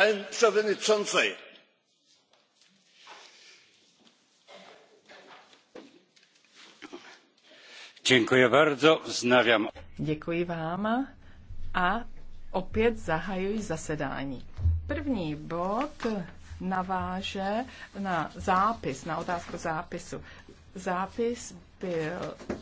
paní předsedající děkuji vám a opět zahajuji zasedání. první bod naváže na zápis na otázku zápisu. zápis byl